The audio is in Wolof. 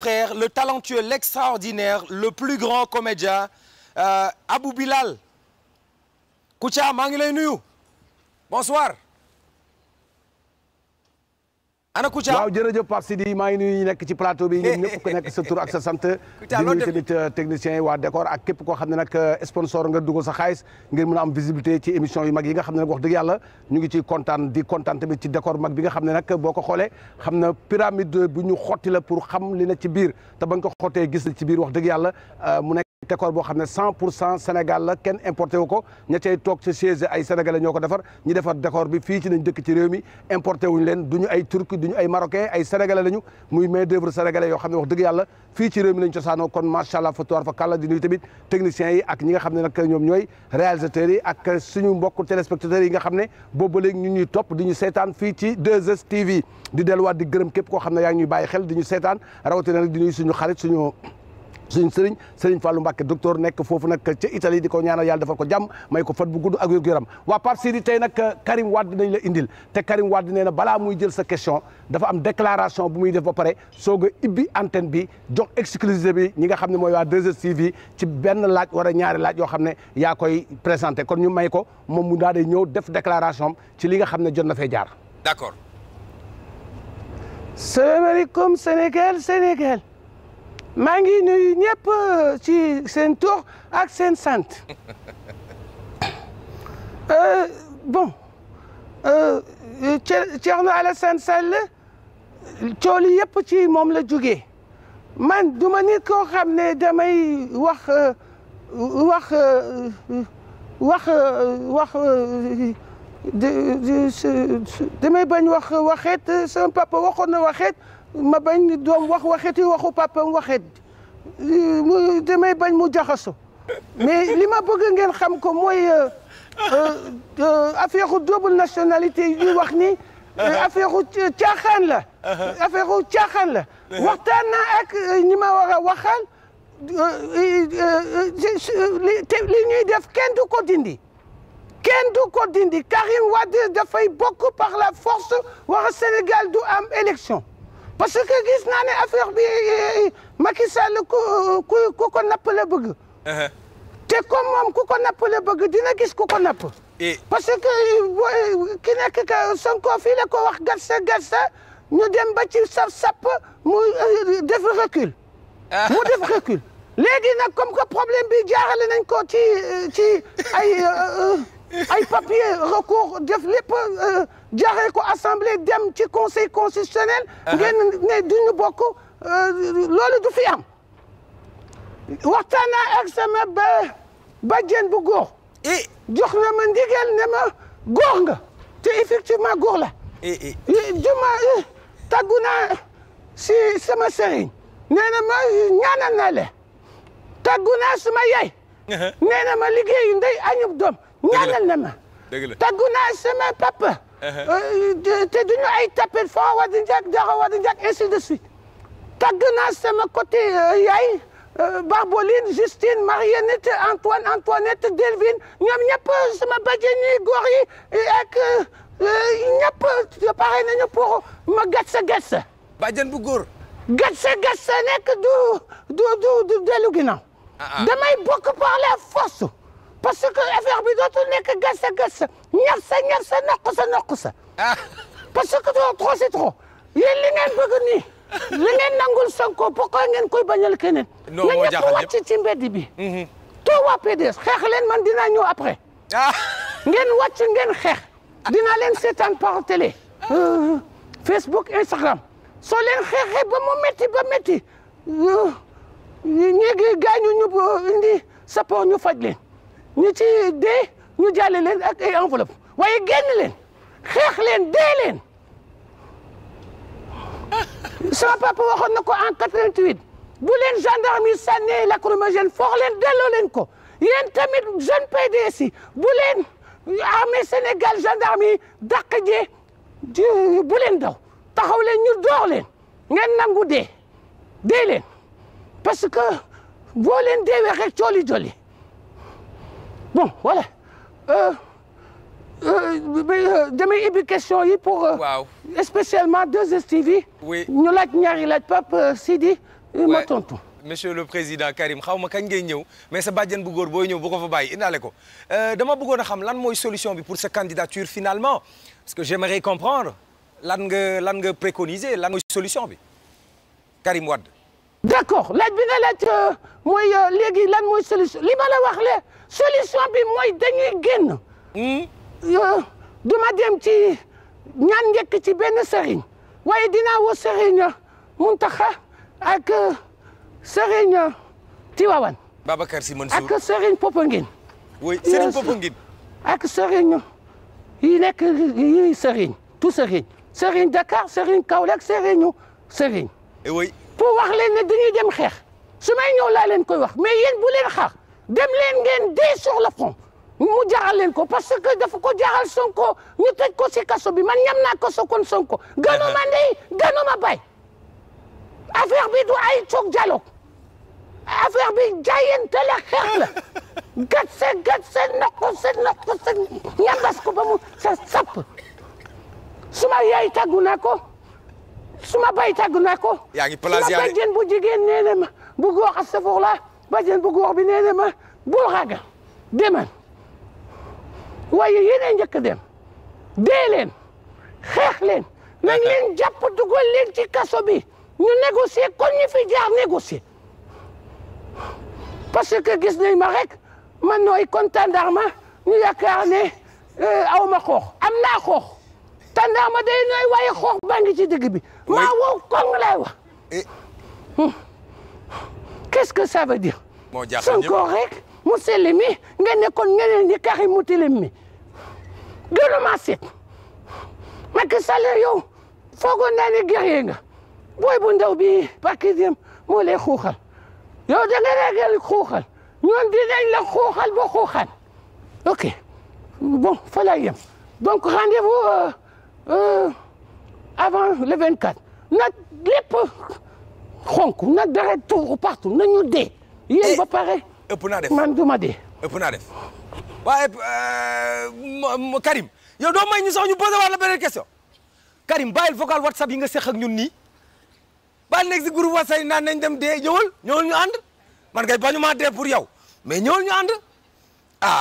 frère, le talentueux, l'extraordinaire, le plus grand comédien euh, Abou Bilal Kouthia maa ngi lay nuyu bonsoir ana Kouthia waaw jërëjëf Pape Sidi maa nekk ci plateau bi ñun ñëpp nekk sa tur ak sa sant di nuyu tamit euh, techniciens yi waa décor ak képp koo xam ne nag euh, sponsor nga dugal sa xaalis ngir mën a am visibilité ci émission yu mag yi nga xam ne nag wax dëgg yàlla ñu ngi ci kontaan di kontaan tamit ci décor mag bi nga xam ne nag boo ko xoolee xam na pyramide bu ñu xotti la pour xam li na ci biir te bañ ko xottee gis na ci biir wax dëgg yàlla euh, mu ne décor boo xam ne cent pour cent Sénégal la kenn importé ko ña cay toog ci siège ay sénégalais ñoo ko defar ñi defar décor bi fii ci nañ dëkk ci réew mi importé wuñu leen duñu ay turc duñu ay marocain ay sénégalais lañu muy main d'œuvre sénégalais yoo xam ne wax dëgg yàlla fii ci réew mi lañ cosaanoo kon macha allah fa tuwaar fa kàlla di nuyu tamit techniciens yi ak ñi nga xam ne nag ñoom ñooy réalisateurs yi ak suñu mbokk téléspectateurs yi nga xam ne boobu ba léegi ñu ñuy topp di seetaan fii ci 2STV di delluwaat di gërëm képp koo xam ne yaa ñuy bàyyi xel di ñu seetaan rawatina nag suñu xarit suñu suñ sëriñ sëriñ Fallou Mbacke docteur nekk foofu nag ca Italie di ko ñaana yàlla defal ko jàmm may ko fat bu gudd ak wér waa Pape tey nag euh, Karim Wade nañ la indil te Karim Wade nee na balaa muy jël sa question dafa am déclaration bu muy def ba pare soog a ibbi antenne bi jox exclusivité bi ñi nga xam ne mooy waa 2STV ci benn laaj wala ñaari laaj yoo xam ne yaa koy présenté kon ñu may ko moom mu daal di ñëw def déclaration ci li nga xam ne jot na fee jaar. d'accord. salaamaaleykum Sénégal Sénégal. maa ngi nuyu ñëpp euh, ci seen toox ak seen sant euh, bon euh, Thierno Alassane Sall cooli yëpp ci moom la jugee man du ma nit xam ne damay wax wax wax damay bañ wax waxeet sama papa waxoon na waxeet ma bañ doom wax waxeti wax papam waxet mu bañ mu jaxaso mais li ma bëgg ngeen xam ko mooy euh, euh, euh, affaire double nationalité yi wax ni affaire caaxaan la uh-huh. uh-huh. waxtaan naa ak ñi ma war a waxal li ñuy def kenn du ko dindi kenn du ko dindi Karim Wade dafay bokk par la force wax Sénégal du am élection parce que gis naa ne affaire bi Macky Sall ku ku ko napp la bëgg. Uh-huh. te comme moom ku ko napp la bëgg dina gis ku ko napp. parce que ki nekk ka Sonko fii la ko wax gatsa gatsa ñu dem sap sap mu euh, def recul. Uh-huh. mu def recul léegi nag comme que problème bi jaaxale nañ ko ci ci ay. Euh, euh, ay papier recours def lépp euh, jaaree ko assemblée dem ci conseil constitutionnel. Uh-huh. ngeen ne duñu bokk euh, loolu du fi am. waxtaan naa ba bàjjen bu góor. jox na ma ndigal ne ma góor nga te effectivement góor la. juma euh, tàggu naa si sama sëriñ nee na ma ñaanal na le tàggu naa sama yaay. Uh-huh. nee na ma liggéeyu ndey añub doom. ñaanal na ma taggu naa sama papa uh-huh. euh, te duñu ay tapet foo war di njëkk dara war di de suite tagg naa sama côté euh, yaay euh, Barboline Justine Marionnette Antoine Antoinette Delvine ñoom ñëpp sama bajeen yi góor yi ak ñëpp pare nañu pour ma gatsa gatsa bajeen bu góor gatsa gatsa nekk du du du dellu ginnaaw ah, ah. damay bokk par la parce que affaire bi dootul nekk gas sa gas sa ñax sa ah. parce que trop trop c'est trop yéen li ngeen bëgg nii li ngeen nangul Sonko pourquoi ngeen koy bañal keneen na ñëpp wàcc ci mbedd bi mhm. too waa PDS xeex man dinaa ñëw après ah. ngeen wàcc ngeen xeex dinaa leen par télé ah. euh, Facebook Instagram soo leen ba mu métti ba métti euh, ñi gaañu ñu indi sappo ñu faj ñu ci dee ñu jàlle leen enveloppe waaye génn leen xeex leen dee leen sama papa waxoon na ko en 88 bu leen gendarme yi sànnee lacrymogène foox leen delloo leen ko yéen tamit jeune PDS yi bu leen armée Sénégal gendarme yi jee bu daw taxaw leen ñu door leen ngeen nangu dee dee leen parce que boo leen deewee rek cooli joli bon voilà damay ubbi question yi pour. Euh, waaw spécialement 2STV. oui ñu laaj ñaari laaj Pape euh, Sidi. Euh, ma tontu. monsieur le président Karim xaw ma kañ ngay ñëw mais sa bàjjen bu góor booy ñëw bu ko fa bàyyi indaale ko dama bëggoon a xam lan mooy solution bi pour sa candidature finalement parce que j'aimerais comprendre lan nga lan nga préconiser lan mooy solution bi Karim Wade. d'accord laaj bi nga euh, mooy euh, léegi lan mooy solution li ma la wax le solution bi mooy dañuy génn. Hmm? Euh, du ma dem ci ñaan njëkk ci benn sëriñ waaye dinaa woo sëriñ Muntaxa ak sëriñ Tiwawan. Babacar Sy Mansour ak sëriñ Popenguine. oui sëriñ ak sëriñ yi nekk yi sëriñ tout sëriñ seriñ Dakar sëriñ Kaolack sëriñu sëriñ. oui. pour wax leen ne dañuy dem xeex su may ñëw laa koy wax mais yéen bu leen xaar ngeen dee sur le front mu jaxal ko parce que dafa ko jaxal Sonko ñu tëj ko si kaso bi man ñam naa kaso kon Sonko ganuma ndey ganuma bay affaire bi du ay coog dialogue affaire bi jaayante la xeex la gat se gat se naqu se naqu se ñambas ko ba mu sa sapp suma yaay tàggu naa ko su ma bay tàgg na ko. yaa su ma bëjjën bu jigéen nee na ma bu góor astafurla bëjjën bu góor bi nee ma bul ragal demal waaye yéenay njëkk dem dee xeex leen nañ leen jàpp dugal leen ci kaso bi ñu négocier kon ñu fi jaar négocier parce que gis nañ ma rek man nooy kontaan ma ñu yaakaar ne euh, aw ma xoox am naa xoox. te ndax ma day nooy waaye xoox baa ngi ci digg bi maa wow koŋ lay wax eh. hmm. qu'est-ce que ça veut dire Sonko rek mu selli mi nga nekkoon ñeneen ñi kaxi mu tilim mi gënuma set Macky Sall yow foogoon naa ne guerrier nga booy bu ndaw bi parki dem moo xuuxal yow da nga ragal xuuxal ñoom dinañ la xuuxal ba xuuxal ok bon fa donc rendez-vous euh, Euh, avant le 24 na lépp xonk na dara tout partout na ñu dee. yéen eh, ba pare. ëpp naa def man du ma dee. ëpp naa def waaye euh, Karim yow doo may ñu sax ñu posé waat la beneen question Karim bàyyil vocal whatsapp yi nga seq ak ñun nii bàyyi nekk si groupe whatsapp yi naan nañ dem dee ñëwal ñëwal ñu ànd man kay bañu maa dee pour yow mais ñëwal ñu ànd.